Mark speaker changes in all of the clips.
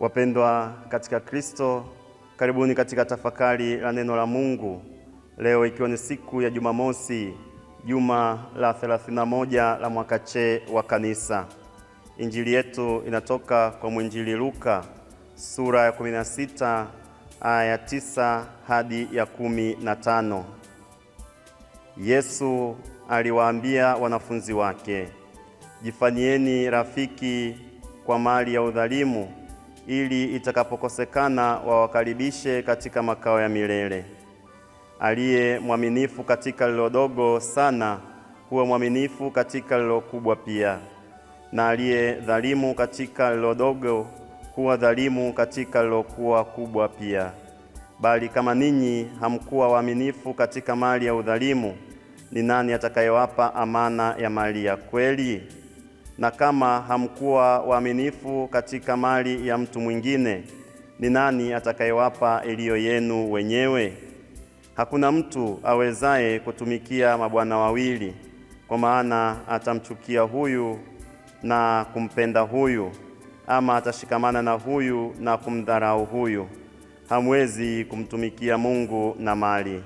Speaker 1: Wapendwa katika Kristo, karibuni katika tafakari la neno la Mungu leo, ikiwa ni siku ya Jumamosi, juma la 31 la mwaka C wa Kanisa. Injili yetu inatoka kwa mwinjili Luka sura ya 16 aya ya tisa hadi ya kumi na tano Yesu aliwaambia wanafunzi wake, jifanyieni rafiki kwa mali ya udhalimu ili itakapokosekana wawakaribishe katika makao ya milele. Aliye mwaminifu katika lilodogo sana huwa mwaminifu katika lilokubwa pia, na aliye dhalimu katika lilodogo huwa dhalimu katika lilokuwa kubwa pia. Bali kama ninyi hamkuwa waaminifu katika mali ya udhalimu, ni nani atakayewapa amana ya mali ya kweli? na kama hamkuwa waaminifu katika mali ya mtu mwingine, ni nani atakayewapa iliyo yenu wenyewe? Hakuna mtu awezaye kutumikia mabwana wawili, kwa maana atamchukia huyu na kumpenda huyu, ama atashikamana na huyu na kumdharau huyu. Hamwezi kumtumikia Mungu na mali.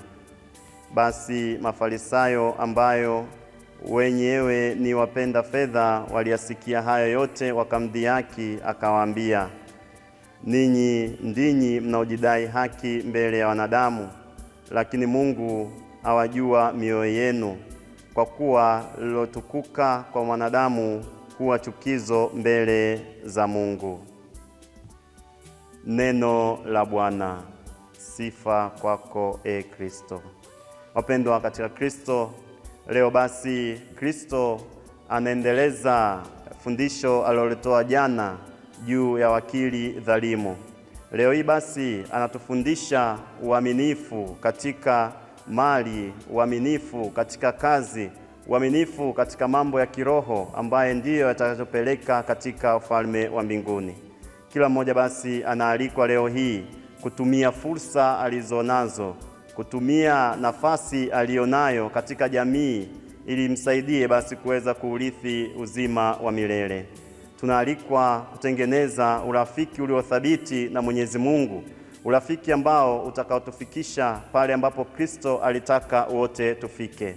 Speaker 1: Basi Mafarisayo ambayo wenyewe ni wapenda fedha waliyasikia hayo yote, wakamdhihaki. Akawaambia, ninyi ndinyi mnaojidai haki mbele ya wanadamu, lakini Mungu awajua mioyo yenu, kwa kuwa lilotukuka kwa mwanadamu kuwa chukizo mbele za Mungu. Neno la Bwana. Sifa kwako, e Kristo. Wapendwa katika Kristo, Leo basi Kristo anaendeleza fundisho alilolitoa jana juu ya wakili dhalimu. Leo hii basi anatufundisha uaminifu katika mali, uaminifu katika kazi, uaminifu katika mambo ya kiroho ambaye ndiyo yatakayopeleka katika ufalme wa mbinguni. Kila mmoja basi anaalikwa leo hii kutumia fursa alizonazo kutumia nafasi aliyonayo katika jamii ili msaidie basi kuweza kuurithi uzima wa milele. Tunaalikwa kutengeneza urafiki uliothabiti na Mwenyezi Mungu, urafiki ambao utakaotufikisha pale ambapo Kristo alitaka wote tufike.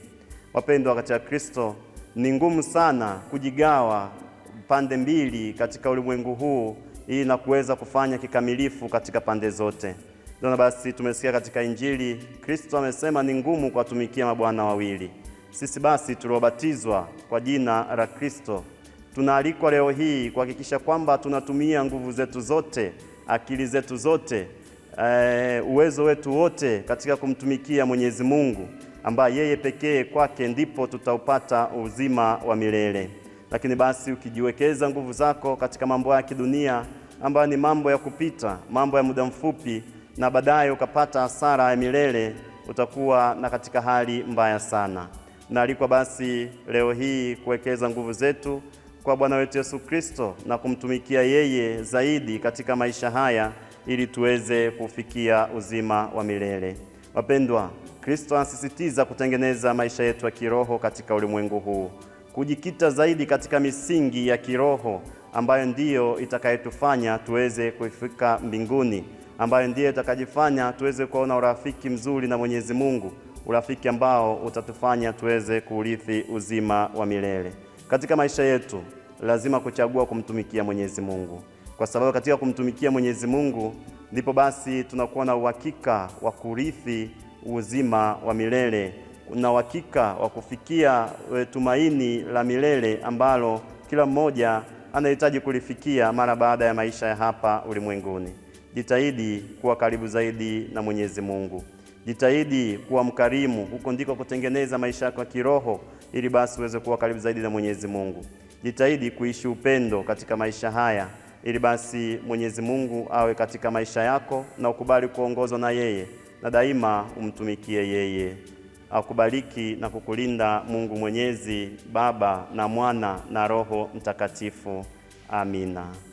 Speaker 1: Wapendwa katika Kristo, ni ngumu sana kujigawa pande mbili katika ulimwengu huu ili na kuweza kufanya kikamilifu katika pande zote. Ndio basi tumesikia katika Injili Kristo amesema ni ngumu kuwatumikia mabwana wawili. Sisi basi tuliobatizwa kwa jina la Kristo tunaalikwa leo hii kuhakikisha kwamba tunatumia nguvu zetu zote, akili zetu zote, e, uwezo wetu wote katika kumtumikia Mwenyezi Mungu ambaye yeye pekee kwake ndipo tutaupata uzima wa milele. Lakini basi ukijiwekeza nguvu zako katika mambo ya kidunia ambayo ni mambo ya kupita, mambo ya muda mfupi na baadaye ukapata hasara ya milele, utakuwa na katika hali mbaya sana. Naalikwa basi leo hii kuwekeza nguvu zetu kwa Bwana wetu Yesu Kristo na kumtumikia yeye zaidi katika maisha haya ili tuweze kufikia uzima wa milele. Wapendwa, Kristo anasisitiza kutengeneza maisha yetu ya kiroho katika ulimwengu huu, kujikita zaidi katika misingi ya kiroho ambayo ndiyo itakayetufanya tuweze kufika mbinguni ambaye ndiye atakajifanya tuweze kuona urafiki mzuri na Mwenyezi Mungu, urafiki ambao utatufanya tuweze kuurithi uzima wa milele. Katika maisha yetu lazima kuchagua kumtumikia Mwenyezi Mungu, kwa sababu katika kumtumikia Mwenyezi Mungu ndipo basi tunakuwa na uhakika wa kurithi uzima wa milele na uhakika wa kufikia e, tumaini la milele ambalo kila mmoja anahitaji kulifikia mara baada ya maisha ya hapa ulimwenguni. Jitahidi kuwa karibu zaidi na Mwenyezi Mungu. Jitahidi kuwa mkarimu, huko ndiko kutengeneza maisha yako ya kiroho, ili basi uweze kuwa karibu zaidi na Mwenyezi Mungu. Jitahidi kuishi upendo katika maisha haya, ili basi Mwenyezi Mungu awe katika maisha yako na ukubali kuongozwa na yeye, na daima umtumikie yeye. Akubariki na kukulinda Mungu Mwenyezi, Baba na Mwana na Roho Mtakatifu. Amina.